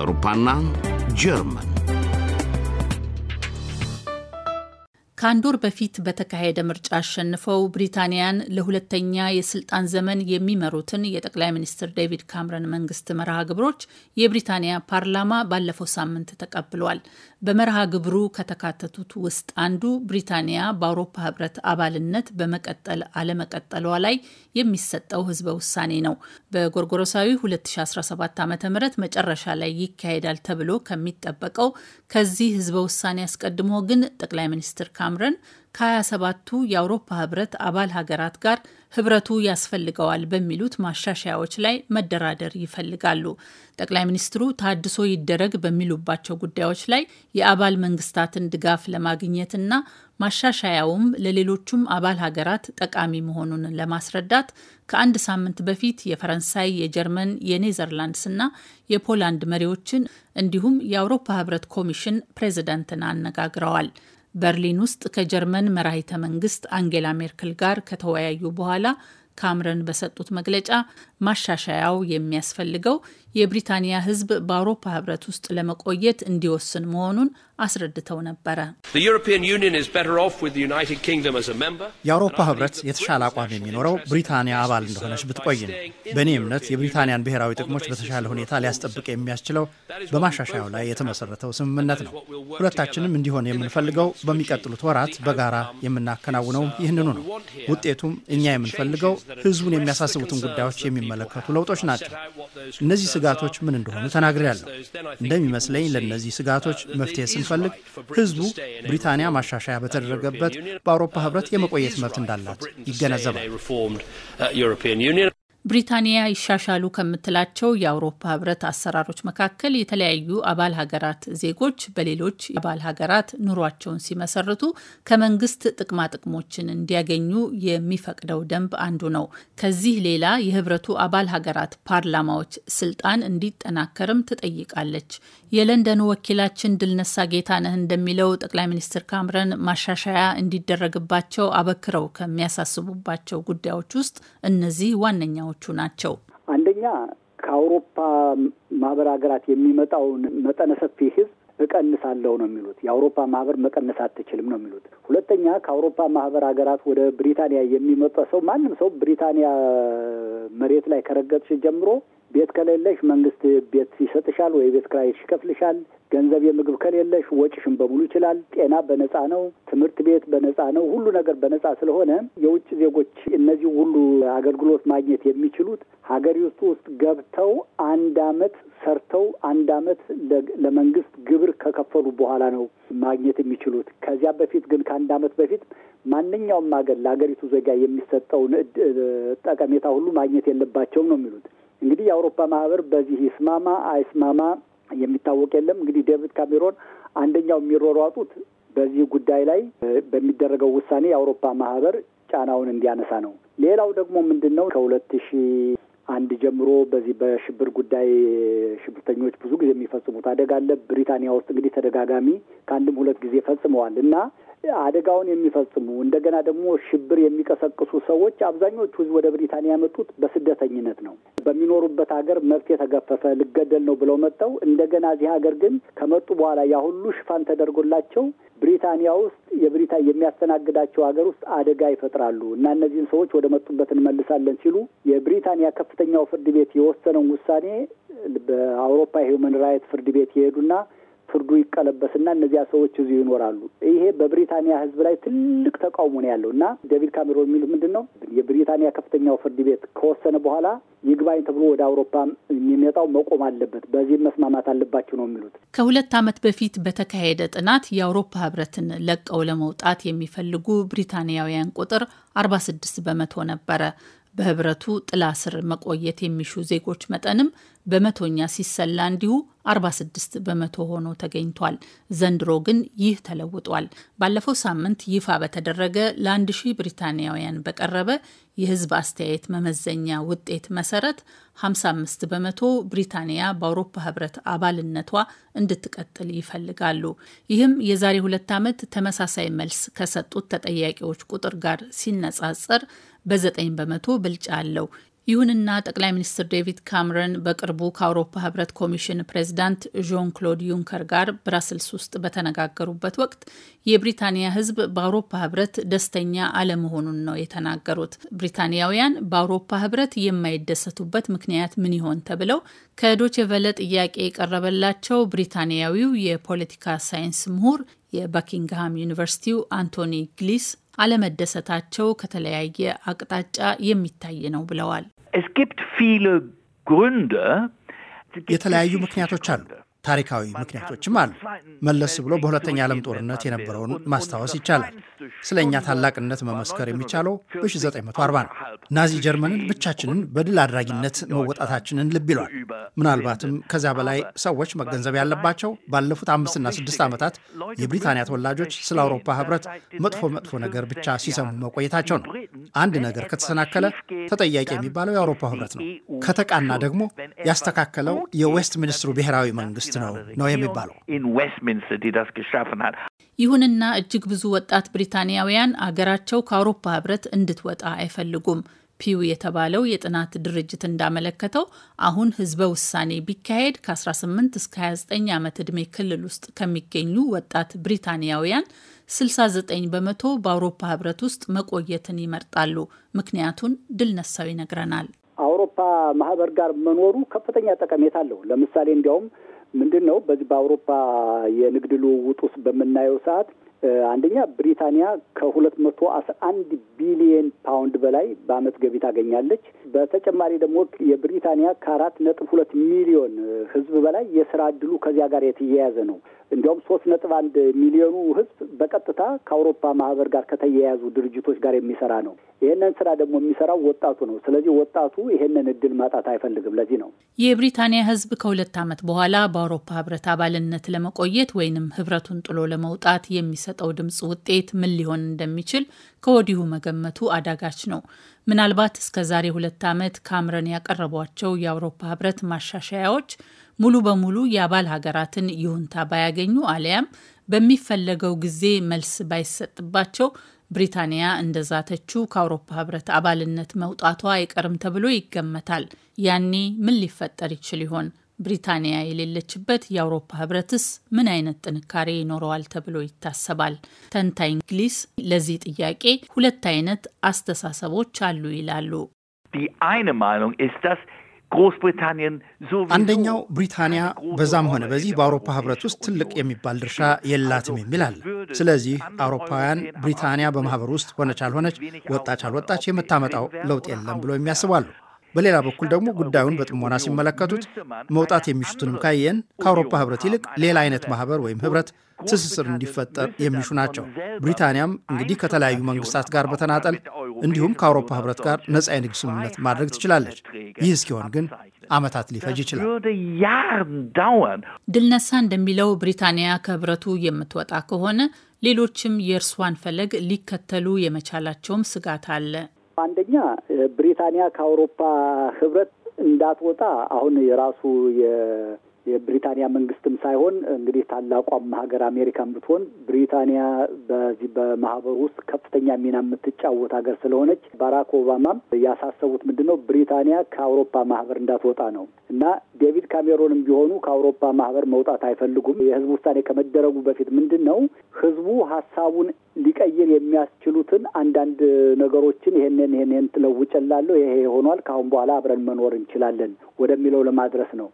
አውሮፓና ጀርመን ከአንድ ወር በፊት በተካሄደ ምርጫ አሸንፈው ብሪታንያን ለሁለተኛ የስልጣን ዘመን የሚመሩትን የጠቅላይ ሚኒስትር ዴቪድ ካምረን መንግስት መርሃ ግብሮች የብሪታንያ ፓርላማ ባለፈው ሳምንት ተቀብሏል። በመርሃ ግብሩ ከተካተቱት ውስጥ አንዱ ብሪታንያ በአውሮፓ ህብረት አባልነት በመቀጠል አለመቀጠሏ ላይ የሚሰጠው ህዝበ ውሳኔ ነው። በጎርጎሮሳዊ 2017 ዓ ም መጨረሻ ላይ ይካሄዳል ተብሎ ከሚጠበቀው ከዚህ ህዝበ ውሳኔ አስቀድሞ ግን ጠቅላይ ሚኒስትር ተጣምረን ከ27ቱ የአውሮፓ ህብረት አባል ሀገራት ጋር ህብረቱ ያስፈልገዋል በሚሉት ማሻሻያዎች ላይ መደራደር ይፈልጋሉ። ጠቅላይ ሚኒስትሩ ታድሶ ይደረግ በሚሉባቸው ጉዳዮች ላይ የአባል መንግስታትን ድጋፍ ለማግኘትና ማሻሻያውም ለሌሎቹም አባል ሀገራት ጠቃሚ መሆኑን ለማስረዳት ከአንድ ሳምንት በፊት የፈረንሳይ፣ የጀርመን፣ የኔዘርላንድስና የፖላንድ መሪዎችን እንዲሁም የአውሮፓ ህብረት ኮሚሽን ፕሬዚደንትን አነጋግረዋል። በርሊን ውስጥ ከጀርመን መራሂተ መንግስት አንጌላ ሜርክል ጋር ከተወያዩ በኋላ ካምረን በሰጡት መግለጫ ማሻሻያው የሚያስፈልገው የብሪታንያ ህዝብ በአውሮፓ ህብረት ውስጥ ለመቆየት እንዲወስን መሆኑን አስረድተው ነበረ። የአውሮፓ ህብረት የተሻለ አቋም የሚኖረው ብሪታንያ አባል እንደሆነች ብትቆይ ነው። በእኔ እምነት የብሪታንያን ብሔራዊ ጥቅሞች በተሻለ ሁኔታ ሊያስጠብቅ የሚያስችለው በማሻሻያው ላይ የተመሰረተው ስምምነት ነው። ሁለታችንም እንዲሆን የምንፈልገው በሚቀጥሉት ወራት በጋራ የምናከናውነውም ይህንኑ ነው። ውጤቱም እኛ የምንፈልገው ህዝቡን የሚያሳስቡትን ጉዳዮች የሚመለከቱ ለውጦች ናቸው። እነዚህ ስጋቶች ምን እንደሆኑ ተናግሬያለሁ። እንደሚመስለኝ ለእነዚህ ስጋቶች መፍትሄ ስንፈልግ ህዝቡ ብሪታንያ ማሻሻያ በተደረገበት በአውሮፓ ህብረት የመቆየት መብት እንዳላት ይገነዘባል። ብሪታንያ ይሻሻሉ ከምትላቸው የአውሮፓ ህብረት አሰራሮች መካከል የተለያዩ አባል ሀገራት ዜጎች በሌሎች የአባል ሀገራት ኑሯቸውን ሲመሰርቱ ከመንግስት ጥቅማጥቅሞችን እንዲያገኙ የሚፈቅደው ደንብ አንዱ ነው። ከዚህ ሌላ የህብረቱ አባል ሀገራት ፓርላማዎች ስልጣን እንዲጠናከርም ትጠይቃለች። የለንደኑ ወኪላችን ድልነሳ ጌታነህ እንደሚለው ጠቅላይ ሚኒስትር ካምረን ማሻሻያ እንዲደረግባቸው አበክረው ከሚያሳስቡባቸው ጉዳዮች ውስጥ እነዚህ ዋነኛው ዋናዎቹ ናቸው። አንደኛ ከአውሮፓ ማህበር ሀገራት የሚመጣውን መጠነ ሰፊ ህዝብ እቀንሳለሁ ነው የሚሉት። የአውሮፓ ማህበር መቀነስ አትችልም ነው የሚሉት። ሁለተኛ ከአውሮፓ ማህበር ሀገራት ወደ ብሪታንያ የሚመጣ ሰው ማንም ሰው ብሪታንያ መሬት ላይ ከረገጥሽ ጀምሮ ቤት ከሌለሽ መንግስት ቤት ይሰጥሻል ወይ ቤት ክራይሽ ይከፍልሻል። ገንዘብ የምግብ ከሌለሽ ወጪሽን በሙሉ ይችላል። ጤና በነፃ ነው። ትምህርት ቤት በነፃ ነው። ሁሉ ነገር በነፃ ስለሆነ የውጭ ዜጎች እነዚህ ሁሉ አገልግሎት ማግኘት የሚችሉት ሀገሪቱ ውስጥ ገብተው አንድ አመት ሰርተው አንድ አመት ለመንግስት ግብር ከከፈሉ በኋላ ነው ማግኘት የሚችሉት። ከዚያ በፊት ግን ከአንድ አመት በፊት ማንኛውም ሀገር ለሀገሪቱ ዜጋ የሚሰጠውን ጠቀሜታ ሁሉ ማግኘት የለባቸውም ነው የሚሉት። እንግዲህ የአውሮፓ ማህበር በዚህ ይስማማ አይስማማ የሚታወቅ የለም። እንግዲህ ዴቪድ ካሜሮን አንደኛው የሚሯሯጡት በዚህ ጉዳይ ላይ በሚደረገው ውሳኔ የአውሮፓ ማህበር ጫናውን እንዲያነሳ ነው። ሌላው ደግሞ ምንድን ነው ከሁለት ሺ አንድ ጀምሮ በዚህ በሽብር ጉዳይ ሽብርተኞች ብዙ ጊዜ የሚፈጽሙት አደጋ አለ። ብሪታንያ ውስጥ እንግዲህ ተደጋጋሚ ከአንድም ሁለት ጊዜ ፈጽመዋል እና አደጋውን የሚፈጽሙ እንደገና ደግሞ ሽብር የሚቀሰቅሱ ሰዎች አብዛኞቹ ህዝብ ወደ ብሪታንያ ያመጡት በስደተኝነት ነው። በሚኖሩበት ሀገር መብት የተገፈፈ ልገደል ነው ብለው መጠው እንደገና እዚህ ሀገር ግን ከመጡ በኋላ ያ ሁሉ ሽፋን ተደርጎላቸው ብሪታንያ ውስጥ የብሪታ የሚያስተናግዳቸው ሀገር ውስጥ አደጋ ይፈጥራሉ እና እነዚህን ሰዎች ወደ መጡበት እንመልሳለን ሲሉ የብሪታንያ ከፍተኛው ፍርድ ቤት የወሰነውን ውሳኔ በአውሮፓ ሂውመን ራይት ፍርድ ቤት የሄዱና ፍርዱ ይቀለበስና እነዚያ ሰዎች እዚሁ ይኖራሉ። ይሄ በብሪታንያ ህዝብ ላይ ትልቅ ተቃውሞ ነው ያለው እና ዴቪድ ካሜሮን የሚሉት ምንድን ነው? የብሪታንያ ከፍተኛው ፍርድ ቤት ከወሰነ በኋላ ይግባኝ ተብሎ ወደ አውሮፓ የሚመጣው መቆም አለበት፣ በዚህም መስማማት አለባቸው ነው የሚሉት። ከሁለት ዓመት በፊት በተካሄደ ጥናት የአውሮፓ ህብረትን ለቀው ለመውጣት የሚፈልጉ ብሪታንያውያን ቁጥር 46 በመቶ ነበረ። በህብረቱ ጥላ ስር መቆየት የሚሹ ዜጎች መጠንም በመቶኛ ሲሰላ እንዲሁ 46 በመቶ ሆኖ ተገኝቷል። ዘንድሮ ግን ይህ ተለውጧል። ባለፈው ሳምንት ይፋ በተደረገ ለ1000 ብሪታንያውያን በቀረበ የህዝብ አስተያየት መመዘኛ ውጤት መሰረት 55 በመቶ ብሪታንያ በአውሮፓ ህብረት አባልነቷ እንድትቀጥል ይፈልጋሉ። ይህም የዛሬ ሁለት ዓመት ተመሳሳይ መልስ ከሰጡት ተጠያቂዎች ቁጥር ጋር ሲነጻጸር በዘጠኝ በመቶ ብልጫ አለው። ይሁንና ጠቅላይ ሚኒስትር ዴቪድ ካምረን በቅርቡ ከአውሮፓ ህብረት ኮሚሽን ፕሬዚዳንት ዦን ክሎድ ዩንከር ጋር ብራስልስ ውስጥ በተነጋገሩበት ወቅት የብሪታንያ ህዝብ በአውሮፓ ህብረት ደስተኛ አለመሆኑን ነው የተናገሩት። ብሪታንያውያን በአውሮፓ ህብረት የማይደሰቱበት ምክንያት ምን ይሆን ተብለው ከዶችቨለ ጥያቄ የቀረበላቸው ብሪታንያዊው የፖለቲካ ሳይንስ ምሁር የበኪንግሃም ዩኒቨርሲቲው አንቶኒ ግሊስ አለመደሰታቸው ከተለያየ አቅጣጫ የሚታይ ነው ብለዋል። የተለያዩ ምክንያቶች አሉ። ታሪካዊ ምክንያቶችም አሉ። መለስ ብሎ በሁለተኛ ዓለም ጦርነት የነበረውን ማስታወስ ይቻላል። ስለ እኛ ታላቅነት መመስከር የሚቻለው በ1940 ነው። ናዚ ጀርመንን ብቻችንን በድል አድራጊነት መወጣታችንን ልብ ይሏል። ምናልባትም ከዚያ በላይ ሰዎች መገንዘብ ያለባቸው ባለፉት አምስትና ስድስት ዓመታት የብሪታንያ ተወላጆች ስለ አውሮፓ ህብረት መጥፎ መጥፎ ነገር ብቻ ሲሰሙ መቆየታቸው ነው። አንድ ነገር ከተሰናከለ ተጠያቂ የሚባለው የአውሮፓ ህብረት ነው። ከተቃና ደግሞ ያስተካከለው የዌስት ሚኒስትሩ ብሔራዊ መንግስት ውስጥ ነው ነው የሚባለው። ይሁንና እጅግ ብዙ ወጣት ብሪታንያውያን አገራቸው ከአውሮፓ ህብረት እንድትወጣ አይፈልጉም። ፒው የተባለው የጥናት ድርጅት እንዳመለከተው አሁን ህዝበ ውሳኔ ቢካሄድ ከ18 እስከ 29 ዓመት ዕድሜ ክልል ውስጥ ከሚገኙ ወጣት ብሪታንያውያን 69 በመቶ በአውሮፓ ህብረት ውስጥ መቆየትን ይመርጣሉ። ምክንያቱን ድል ነሳው ይነግረናል። አውሮፓ ማህበር ጋር መኖሩ ከፍተኛ ጠቀሜታ አለው። ለምሳሌ እንዲያውም ምንድን ነው በዚህ በአውሮፓ የንግድ ልውውጥ ውስጥ በምናየው ሰዓት አንደኛ ብሪታንያ ከሁለት መቶ አስራ አንድ ቢሊየን ፓውንድ በላይ በአመት ገቢ ታገኛለች። በተጨማሪ ደግሞ የብሪታንያ ከአራት ነጥብ ሁለት ሚሊዮን ህዝብ በላይ የስራ እድሉ ከዚያ ጋር የተያያዘ ነው። እንዲያውም ሶስት ነጥብ አንድ ሚሊዮኑ ህዝብ በቀጥታ ከአውሮፓ ማህበር ጋር ከተያያዙ ድርጅቶች ጋር የሚሰራ ነው። ይህንን ስራ ደግሞ የሚሰራው ወጣቱ ነው። ስለዚህ ወጣቱ ይህንን እድል ማጣት አይፈልግም። ለዚህ ነው የብሪታንያ ህዝብ ከሁለት አመት በኋላ በአውሮፓ ህብረት አባልነት ለመቆየት ወይንም ህብረቱን ጥሎ ለመውጣት የሚሰ የሚሰጠው ድምፅ ውጤት ምን ሊሆን እንደሚችል ከወዲሁ መገመቱ አዳጋች ነው። ምናልባት እስከ ዛሬ ሁለት ዓመት ካምረን ያቀረቧቸው የአውሮፓ ህብረት ማሻሻያዎች ሙሉ በሙሉ የአባል ሀገራትን ይሁንታ ባያገኙ አሊያም በሚፈለገው ጊዜ መልስ ባይሰጥባቸው ብሪታንያ እንደዛተቹ ከአውሮፓ ህብረት አባልነት መውጣቷ አይቀርም ተብሎ ይገመታል። ያኔ ምን ሊፈጠር ይችል ይሆን? ብሪታንያ የሌለችበት የአውሮፓ ህብረትስ ምን አይነት ጥንካሬ ይኖረዋል ተብሎ ይታሰባል? ተንታኝ ግሊስ ለዚህ ጥያቄ ሁለት አይነት አስተሳሰቦች አሉ ይላሉ። አንደኛው ብሪታንያ በዛም ሆነ በዚህ በአውሮፓ ህብረት ውስጥ ትልቅ የሚባል ድርሻ የላትም የሚል አለ። ስለዚህ አውሮፓውያን ብሪታንያ በማህበር ውስጥ ሆነች አልሆነች፣ ወጣች አልወጣች የምታመጣው ለውጥ የለም ብሎ የሚያስባሉ። በሌላ በኩል ደግሞ ጉዳዩን በጥሞና ሲመለከቱት መውጣት የሚሹትንም ካየን ከአውሮፓ ህብረት ይልቅ ሌላ አይነት ማህበር ወይም ህብረት ትስስር እንዲፈጠር የሚሹ ናቸው። ብሪታንያም እንግዲህ ከተለያዩ መንግስታት ጋር በተናጠል እንዲሁም ከአውሮፓ ህብረት ጋር ነጻ የንግድ ስምምነት ማድረግ ትችላለች። ይህ እስኪሆን ግን ዓመታት ሊፈጅ ይችላል። ድልነሳ እንደሚለው ብሪታንያ ከህብረቱ የምትወጣ ከሆነ ሌሎችም የእርሷን ፈለግ ሊከተሉ የመቻላቸውም ስጋት አለ። አንደኛ ብሪታንያ ከአውሮፓ ህብረት እንዳትወጣ አሁን የራሱ የብሪታንያ መንግስትም ሳይሆን እንግዲህ ታላቋም ሀገር አሜሪካን ብትሆን ብሪታንያ በዚህ በማህበሩ ውስጥ ከፍተኛ ሚና የምትጫወት ሀገር ስለሆነች ባራክ ኦባማም ያሳሰቡት ምንድን ነው ብሪታንያ ከአውሮፓ ማህበር እንዳትወጣ ነው እና ዴቪድ ካሜሮንም ቢሆኑ ከአውሮፓ ማህበር መውጣት አይፈልጉም። የህዝብ ውሳኔ ከመደረጉ በፊት ምንድን ነው ህዝቡ ሀሳቡን ሊቀይር የሚያስችሉትን አንዳንድ ነገሮችን ይሄንን ይሄንን ትለውጭላለሁ ይሄ ሆኗል፣ ከአሁን በኋላ አብረን መኖር እንችላለን ወደሚለው ለማድረስ ነው።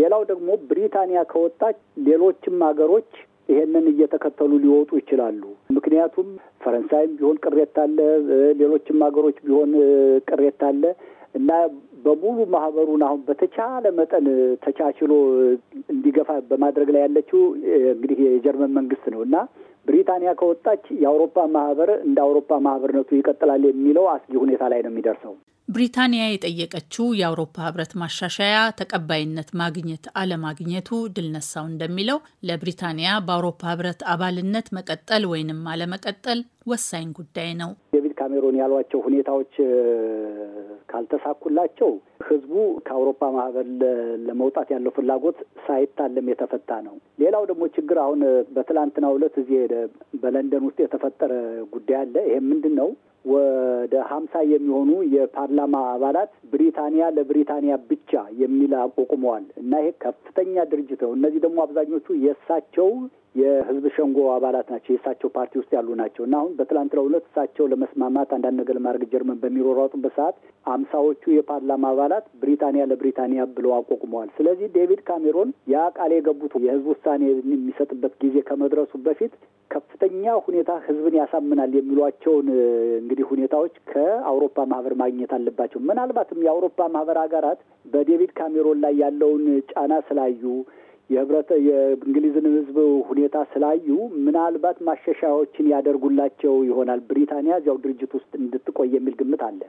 ሌላው ደግሞ ብሪታንያ ከወጣች ሌሎችም ሀገሮች ይሄንን እየተከተሉ ሊወጡ ይችላሉ። ምክንያቱም ፈረንሳይም ቢሆን ቅሬታ አለ፣ ሌሎችም ሀገሮች ቢሆን ቅሬታ አለ እና በሙሉ ማህበሩን አሁን በተቻለ መጠን ተቻችሎ እንዲገፋ በማድረግ ላይ ያለችው እንግዲህ የጀርመን መንግስት ነው እና ብሪታንያ ከወጣች የአውሮፓ ማህበር እንደ አውሮፓ ማህበርነቱ ይቀጥላል የሚለው አስጊ ሁኔታ ላይ ነው የሚደርሰው። ብሪታንያ የጠየቀችው የአውሮፓ ህብረት ማሻሻያ ተቀባይነት ማግኘት አለማግኘቱ ድልነሳው እንደሚለው ለብሪታንያ በአውሮፓ ህብረት አባልነት መቀጠል ወይንም አለመቀጠል ወሳኝ ጉዳይ ነው። ዴቪድ ካሜሮን ያሏቸው ሁኔታዎች ካልተሳኩላቸው ህዝቡ ከአውሮፓ ማህበር ለመውጣት ያለው ፍላጎት ሳይታለም የተፈታ ነው። ሌላው ደግሞ ችግር አሁን በትላንትናው ዕለት እዚህ በለንደን ውስጥ የተፈጠረ ጉዳይ አለ። ይሄ ምንድን ነው? ወደ ሀምሳ የሚሆኑ የፓርላማ አባላት ብሪታንያ ለብሪታንያ ብቻ የሚል አቋቁመዋል እና ይሄ ከፍተኛ ድርጅት ነው። እነዚህ ደግሞ አብዛኞቹ የእሳቸው የህዝብ ሸንጎ አባላት ናቸው። የእሳቸው ፓርቲ ውስጥ ያሉ ናቸው እና አሁን በትላንትናው ዕለት እሳቸው ለመስማማት አንዳንድ ነገር ለማድረግ ጀርመን በሚሮሯጡበት ሰዓት አምሳዎቹ የፓርላማ አባላት ብሪታንያ ለብሪታንያ ብለው አቋቁመዋል። ስለዚህ ዴቪድ ካሜሮን ያ ቃል የገቡት የህዝብ ውሳኔ የሚሰጥበት ጊዜ ከመድረሱ በፊት ከፍተኛ ሁኔታ ህዝብን ያሳምናል የሚሏቸውን እንግዲህ ሁኔታዎች ከአውሮፓ ማህበር ማግኘት አለባቸው። ምናልባትም የአውሮፓ ማህበር ሀገራት በዴቪድ ካሜሮን ላይ ያለውን ጫና ስላዩ የህብረት የእንግሊዝን ህዝብ ሁኔታ ስላዩ ምናልባት ማሻሻያዎችን ያደርጉላቸው ይሆናል። ብሪታንያ እዚያው ድርጅት ውስጥ እንድትቆይ የሚል ግምት አለ።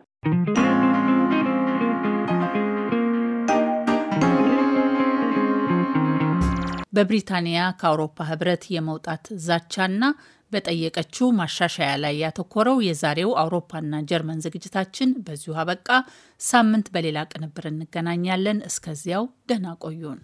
በብሪታንያ ከአውሮፓ ህብረት የመውጣት ዛቻና በጠየቀችው ማሻሻያ ላይ ያተኮረው የዛሬው አውሮፓና ጀርመን ዝግጅታችን በዚሁ አበቃ። ሳምንት በሌላ ቅንብር እንገናኛለን። እስከዚያው ደህና ቆዩን።